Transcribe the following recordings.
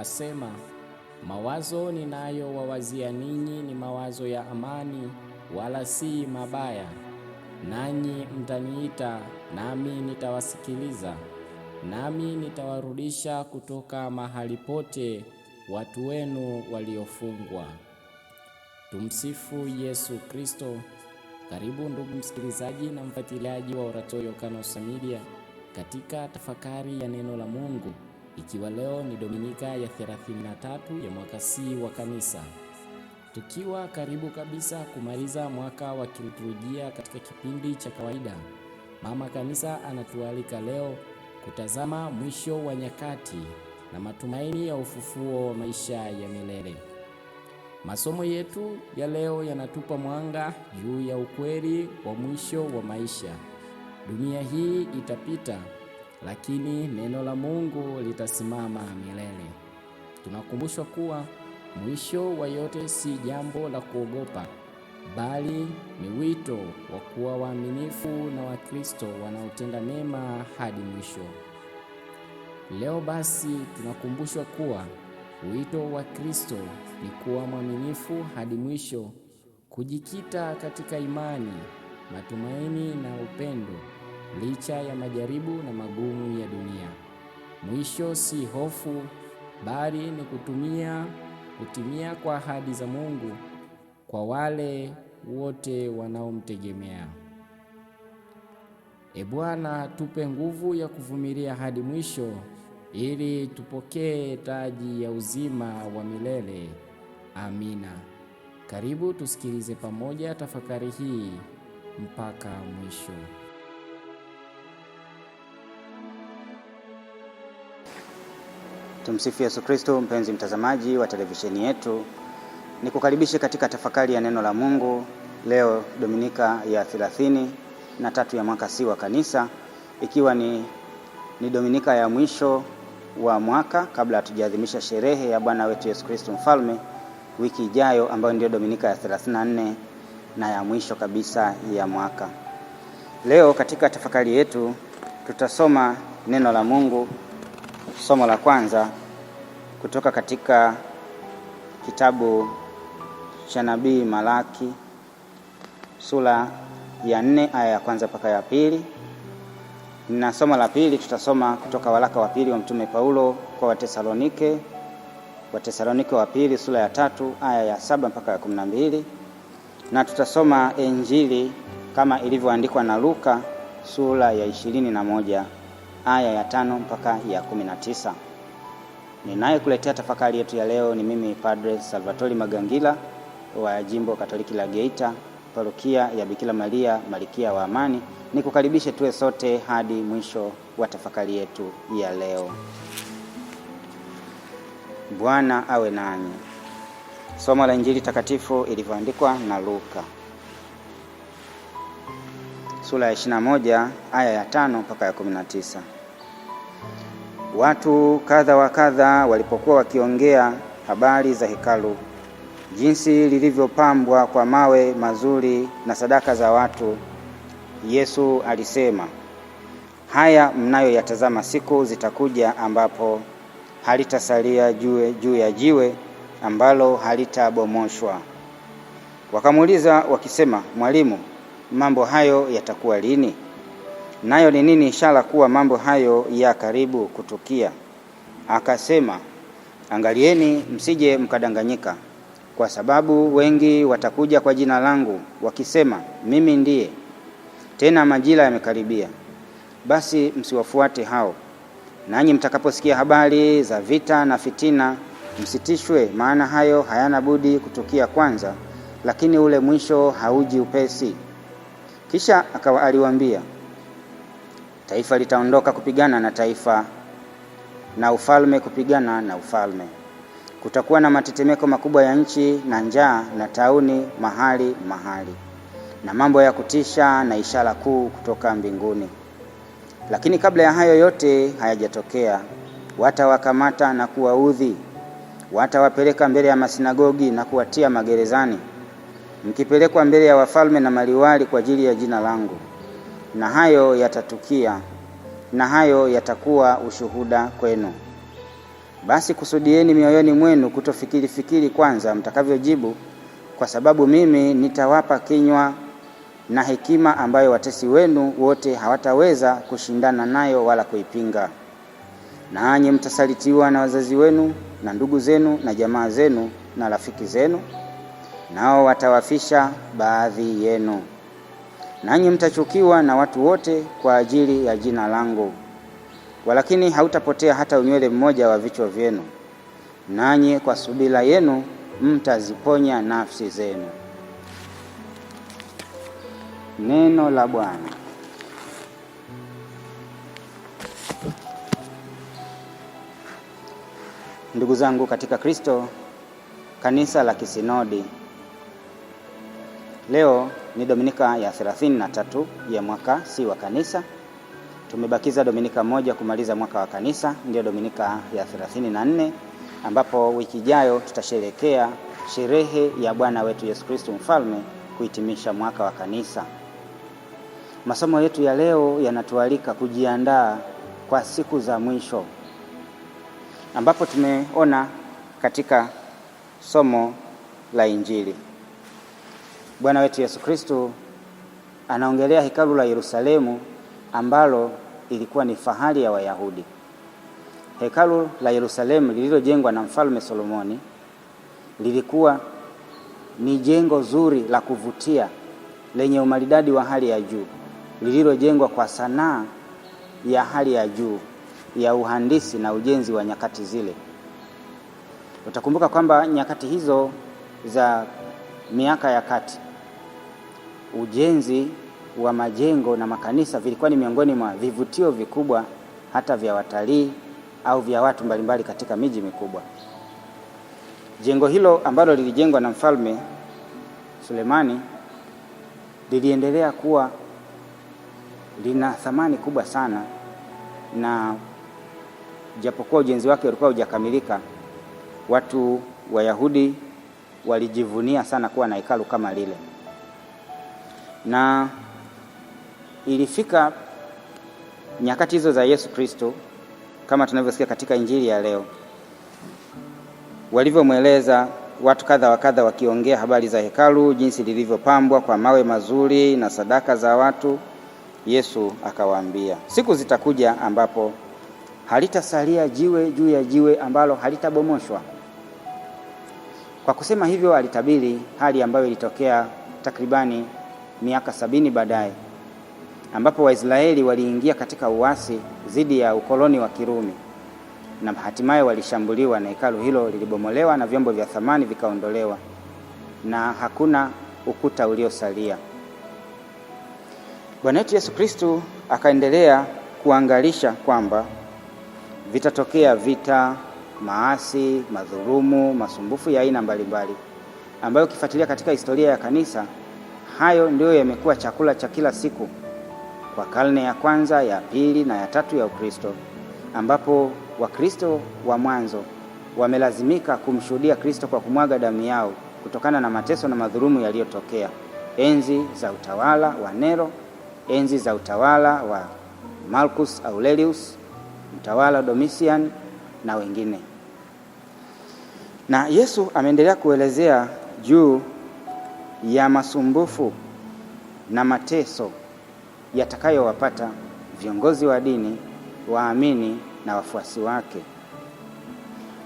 asema, mawazo ninayowawazia ninyi ni mawazo ya amani, wala si mabaya. Nanyi mtaniita, nami nitawasikiliza, nami nitawarudisha kutoka mahali pote watu wenu waliofungwa. Tumsifu Yesu Kristo. Karibu ndugu msikilizaji na mfuatiliaji wa Oratorio Kanosa Media katika tafakari ya neno la Mungu ikiwa leo ni Dominika ya 33 ya mwaka C wa kanisa, tukiwa karibu kabisa kumaliza mwaka wa kiliturujia. Katika kipindi cha kawaida, mama kanisa anatualika leo kutazama mwisho wa nyakati na matumaini ya ufufuo wa maisha ya milele. Masomo yetu ya leo yanatupa mwanga juu ya ukweli wa mwisho wa maisha. Dunia hii itapita lakini neno la Mungu litasimama milele. Tunakumbushwa kuwa mwisho wa yote si jambo la kuogopa, bali ni wito wa kuwa waaminifu na Wakristo wanaotenda mema hadi mwisho. Leo basi tunakumbushwa kuwa wito wa Kristo ni kuwa mwaminifu hadi mwisho, kujikita katika imani, matumaini na upendo licha ya majaribu na magumu ya dunia. Mwisho si hofu, bali ni kutumia kutimia kwa ahadi za Mungu kwa wale wote wanaomtegemea. E Bwana, tupe nguvu ya kuvumilia hadi mwisho ili tupokee taji ya uzima wa milele. Amina. Karibu tusikilize pamoja tafakari hii mpaka mwisho. Tumsifu Yesu Kristo. Mpenzi mtazamaji wa televisheni yetu, nikukaribishe katika tafakari ya neno la Mungu leo Dominika ya thelathini na tatu ya mwaka C wa Kanisa, ikiwa ni, ni Dominika ya mwisho wa mwaka kabla hatujaadhimisha sherehe ya Bwana wetu Yesu Kristo Mfalme wiki ijayo, ambayo ndiyo Dominika ya 34 na ya mwisho kabisa ya mwaka. Leo katika tafakari yetu tutasoma neno la Mungu somo la kwanza kutoka katika kitabu cha nabii Malaki sura ya nne aya ya kwanza mpaka ya pili, na somo la pili tutasoma kutoka waraka wa pili wa mtume Paulo kwa Watesalonike, Watesalonike wa pili sura ya tatu aya ya saba mpaka ya kumi na mbili, na tutasoma Injili kama ilivyoandikwa na Luka sura ya ishirini na moja aya ya tano mpaka ya kumi na tisa. Ninayekuletea tafakari yetu ya leo ni mimi Padre Salvatori Magangila wa Jimbo Katoliki la Geita, Parokia ya Bikira Maria Malikia wa Amani. Nikukaribishe tuwe sote hadi mwisho wa tafakari yetu ya leo. Bwana awe nanyi. Somo la Injili takatifu ilivyoandikwa na Luka sura ya 21 aya ya tano mpaka ya 19. Watu kadha wa kadha walipokuwa wakiongea habari za hekalu, jinsi lilivyopambwa kwa mawe mazuri na sadaka za watu, Yesu alisema, haya mnayoyatazama, siku zitakuja ambapo halitasalia juu juu ya jiwe ambalo halitabomoshwa. Wakamuuliza wakisema, Mwalimu, Mambo hayo yatakuwa lini? Nayo ni nini ishara kuwa mambo hayo ya karibu kutukia? Akasema, angalieni msije mkadanganyika, kwa sababu wengi watakuja kwa jina langu wakisema, mimi ndiye, tena majira yamekaribia. Basi msiwafuate hao. Nanyi mtakaposikia habari za vita na fitina, msitishwe, maana hayo hayana budi kutukia kwanza, lakini ule mwisho hauji upesi. Kisha akawa aliwaambia, taifa litaondoka kupigana na taifa na ufalme kupigana na ufalme. Kutakuwa na matetemeko makubwa ya nchi na njaa na tauni mahali mahali, na mambo ya kutisha na ishara kuu kutoka mbinguni. Lakini kabla ya hayo yote hayajatokea, watawakamata na kuwaudhi, watawapeleka mbele ya masinagogi na kuwatia magerezani mkipelekwa mbele ya wafalme na maliwali kwa ajili ya jina langu. Na hayo yatatukia, na hayo yatakuwa ushuhuda kwenu. Basi kusudieni mioyoni mwenu kutofikiri fikiri kwanza mtakavyojibu, kwa sababu mimi nitawapa kinywa na hekima ambayo watesi wenu wote hawataweza kushindana nayo wala kuipinga. Nanyi mtasalitiwa na wazazi wenu na ndugu zenu na jamaa zenu na rafiki zenu nao watawafisha baadhi yenu, nanyi mtachukiwa na watu wote kwa ajili ya jina langu, walakini hautapotea hata unywele mmoja wa vichwa vyenu, nanyi kwa subira yenu mtaziponya nafsi zenu. Neno la Bwana. Ndugu zangu katika Kristo, kanisa la kisinodi Leo ni Dominika ya 33 ya mwaka si wa kanisa. Tumebakiza Dominika moja kumaliza mwaka wa kanisa, ndiyo Dominika ya 34 ambapo wiki ijayo tutasherekea sherehe ya Bwana wetu Yesu Kristo mfalme kuhitimisha mwaka wa kanisa. Masomo yetu ya leo yanatualika kujiandaa kwa siku za mwisho, ambapo tumeona katika somo la Injili Bwana wetu Yesu Kristo anaongelea hekalu la Yerusalemu ambalo ilikuwa ni fahari ya Wayahudi. Hekalu la Yerusalemu lililojengwa na Mfalme Solomoni lilikuwa ni jengo zuri la kuvutia lenye umaridadi wa hali ya juu lililojengwa kwa sanaa ya hali ya juu ya uhandisi na ujenzi wa nyakati zile. Utakumbuka kwamba nyakati hizo za miaka ya kati ujenzi wa majengo na makanisa vilikuwa ni miongoni mwa vivutio vikubwa hata vya watalii au vya watu mbalimbali katika miji mikubwa. Jengo hilo ambalo lilijengwa na Mfalme Sulemani liliendelea kuwa lina thamani kubwa sana, na japokuwa ujenzi wake ulikuwa hujakamilika, watu Wayahudi walijivunia sana kuwa na hekalu kama lile na ilifika nyakati hizo za Yesu Kristo kama tunavyosikia katika Injili ya leo, walivyomweleza watu kadha wa kadha wakiongea habari za hekalu, jinsi lilivyopambwa kwa mawe mazuri na sadaka za watu. Yesu akawaambia, siku zitakuja ambapo halitasalia jiwe juu ya jiwe ambalo halitabomoshwa. Kwa kusema hivyo, alitabiri hali ambayo ilitokea takribani miaka sabini baadaye ambapo Waisraeli waliingia katika uasi dhidi ya ukoloni wa Kirumi na hatimaye walishambuliwa na hekalu hilo lilibomolewa na vyombo vya thamani vikaondolewa na hakuna ukuta uliosalia. Bwana wetu Yesu Kristu akaendelea kuangalisha kwamba vitatokea vita, maasi, madhurumu, masumbufu ya aina mbalimbali ambayo ukifuatilia katika historia ya kanisa hayo ndiyo yamekuwa chakula cha kila siku kwa karne ya kwanza, ya pili na ya tatu ya Ukristo, ambapo Wakristo wa mwanzo wamelazimika kumshuhudia Kristo kwa kumwaga damu yao kutokana na mateso na madhulumu yaliyotokea enzi za utawala wa Nero, enzi za utawala wa Marcus Aurelius, mtawala Domitian na wengine. Na Yesu ameendelea kuelezea juu ya masumbufu na mateso yatakayowapata viongozi wa dini, waamini na wafuasi wake.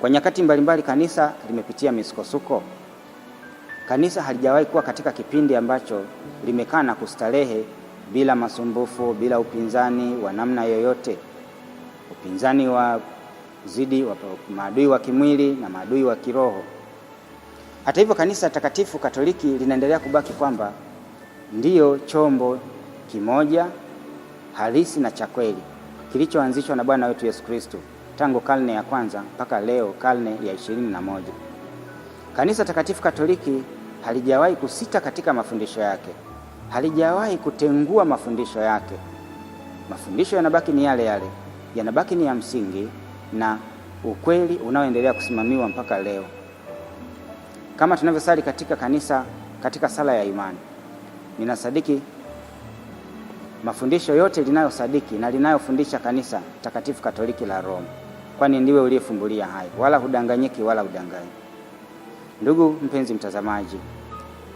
Kwa nyakati mbalimbali, kanisa limepitia misukosuko. Kanisa halijawahi kuwa katika kipindi ambacho limekaa na kustarehe bila masumbufu, bila upinzani wa namna yoyote, upinzani wa zidi maadui wa kimwili na maadui wa kiroho. Hata hivyo, kanisa takatifu Katoliki linaendelea kubaki kwamba ndiyo chombo kimoja halisi na cha kweli kilichoanzishwa na Bwana wetu Yesu Kristo tangu karne ya kwanza mpaka leo karne ya ishirini na moja. Kanisa takatifu Katoliki halijawahi kusita katika mafundisho yake, halijawahi kutengua mafundisho yake. Mafundisho yanabaki ni yale yale, yanabaki ni ya msingi na ukweli unaoendelea kusimamiwa mpaka leo kama tunavyosali katika kanisa katika sala ya imani. Ninasadiki mafundisho yote linayosadiki na linayofundisha kanisa takatifu Katoliki la Roma, kwani ndiwe uliyefumbulia hayo, wala hudanganyiki wala udanganyi. Ndugu mpenzi mtazamaji,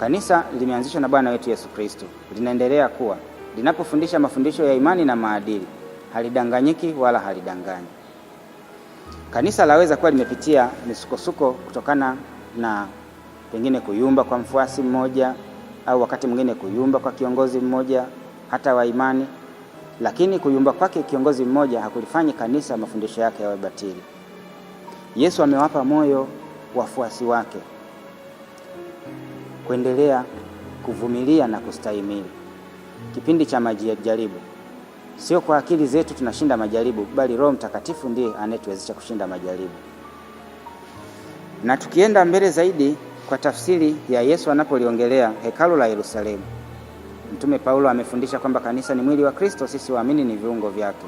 kanisa limeanzishwa na Bwana wetu Yesu Kristo, linaendelea kuwa linapofundisha mafundisho ya imani na maadili, halidanganyiki wala halidanganyi. Kanisa laweza kuwa limepitia misukosuko kutokana na pengine kuyumba kwa mfuasi mmoja au wakati mwingine kuyumba kwa kiongozi mmoja hata wa imani. Lakini kuyumba kwake kiongozi mmoja hakulifanyi kanisa mafundisho yake yawe batili. Yesu amewapa moyo wafuasi wake kuendelea kuvumilia na kustahimili kipindi cha majaribu. Sio kwa akili zetu tunashinda majaribu, bali Roho Mtakatifu ndiye anayetuwezesha kushinda majaribu. Na tukienda mbele zaidi kwa tafsiri ya Yesu anapoliongelea hekalu la Yerusalemu. Mtume Paulo amefundisha kwamba kanisa ni mwili wa Kristo, sisi waamini ni viungo vyake.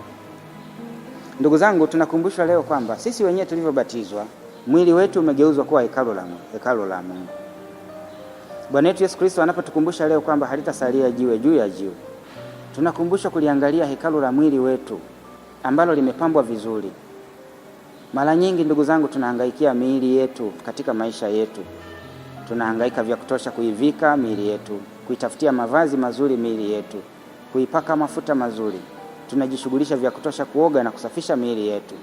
Ndugu zangu, tunakumbushwa leo kwamba sisi wenyewe tulivyobatizwa, mwili wetu umegeuzwa kuwa hekalu la hekalu la Mungu. Bwana wetu Yesu Kristo anapotukumbusha leo kwamba halitasalia jiwe juu ya jiwe, tunakumbushwa kuliangalia hekalu la mwili wetu ambalo limepambwa vizuri. Mara nyingi, ndugu zangu, tunahangaikia miili yetu katika maisha yetu tunahangaika vya kutosha kuivika miili yetu, kuitafutia mavazi mazuri miili yetu, kuipaka mafuta mazuri, tunajishughulisha vya kutosha kuoga na kusafisha miili yetu,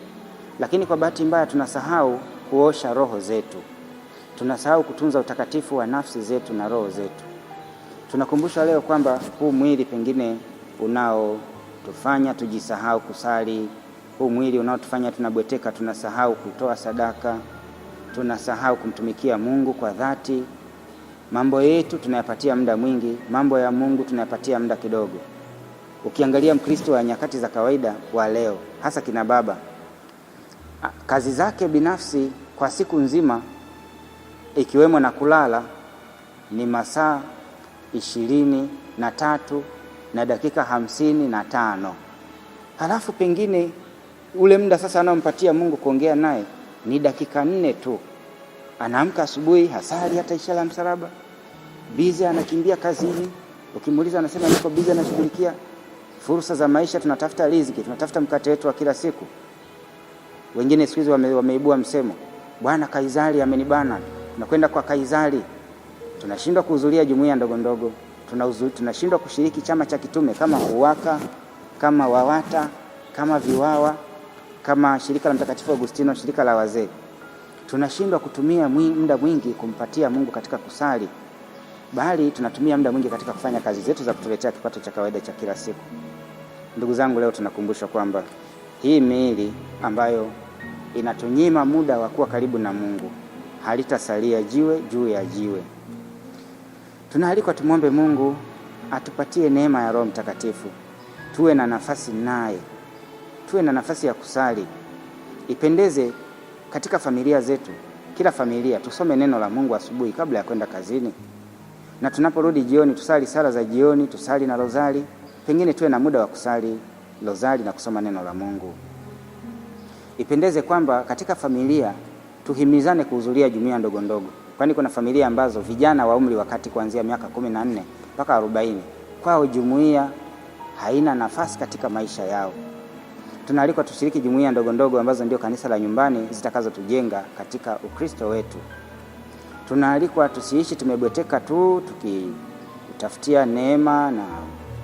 lakini kwa bahati mbaya tunasahau kuosha roho zetu, tunasahau kutunza utakatifu wa nafsi zetu na roho zetu. Tunakumbushwa leo kwamba huu mwili pengine unaotufanya tujisahau kusali, huu mwili unaotufanya tunabweteka, tunasahau kutoa sadaka tunasahau kumtumikia Mungu kwa dhati. Mambo yetu tunayapatia muda mwingi, mambo ya Mungu tunayapatia muda kidogo. Ukiangalia Mkristo wa nyakati za kawaida wa leo, hasa kina baba, kazi zake binafsi kwa siku nzima ikiwemo na kulala ni masaa ishirini na tatu na dakika hamsini na tano halafu pengine ule muda sasa anaompatia Mungu kuongea naye ni dakika nne tu. Anaamka asubuhi, hasali hata ishara msalaba, bize anakimbia kazini. Ukimuuliza anasema niko bize, anashughulikia fursa za maisha, tunatafuta riziki, tunatafuta mkate wetu wa kila siku. Wengine siku hizi wame, wameibua msemo bwana Kaizari amenibana, tunakwenda kwa Kaizari. Tunashindwa kuhudhuria jumuiya ndogo ndogo, tunashindwa kushiriki chama cha kitume kama UWAKA, kama WAWATA, kama VIWAWA kama shirika la Mtakatifu Agustino, shirika la wazee, tunashindwa kutumia muda mwingi kumpatia Mungu katika kusali, bali tunatumia muda mwingi katika kufanya kazi zetu za kutuletea kipato cha kawaida cha kila siku. Ndugu zangu, leo tunakumbushwa kwamba hii miili ambayo inatunyima muda wa kuwa karibu na Mungu halitasalia jiwe juu ya jiwe. Tunaalikwa tumwombe Mungu atupatie neema ya Roho Mtakatifu, tuwe na nafasi naye tuwe na nafasi ya kusali, ipendeze katika familia zetu. Kila familia tusome neno la Mungu asubuhi kabla ya kwenda kazini, na tunaporudi jioni tusali sala za jioni, tusali na rozari. Pengine tuwe na muda wa kusali rozari na kusoma neno la Mungu. Ipendeze kwamba katika familia tuhimizane kuhudhuria jumuiya ndogo ndogo, kwani kuna familia ambazo vijana wa umri wakati kuanzia miaka kumi na nne mpaka arobaini kwao jumuiya haina nafasi katika maisha yao. Tunaalikwa tushiriki jumuiya ndogo ndogo ambazo ndio kanisa la nyumbani zitakazotujenga katika Ukristo wetu. Tunaalikwa tusiishi tumebweteka tu tukitafutia neema na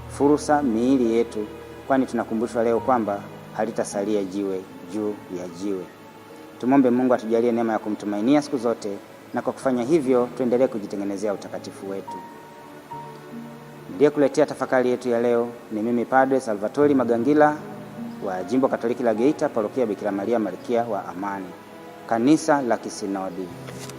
fursa miili yetu, kwani tunakumbushwa leo kwamba halitasalia jiwe juu ya jiwe. Tumwombe Mungu atujalie neema ya kumtumainia siku zote, na kwa kufanya hivyo tuendelee kujitengenezea utakatifu wetu. ndiye kuletea tafakari yetu ya leo ni mimi Padre Salvatori Magangila wa Jimbo Katoliki la Geita, Parokia Bikira Maria Malkia wa Amani, Kanisa la Kisinodi.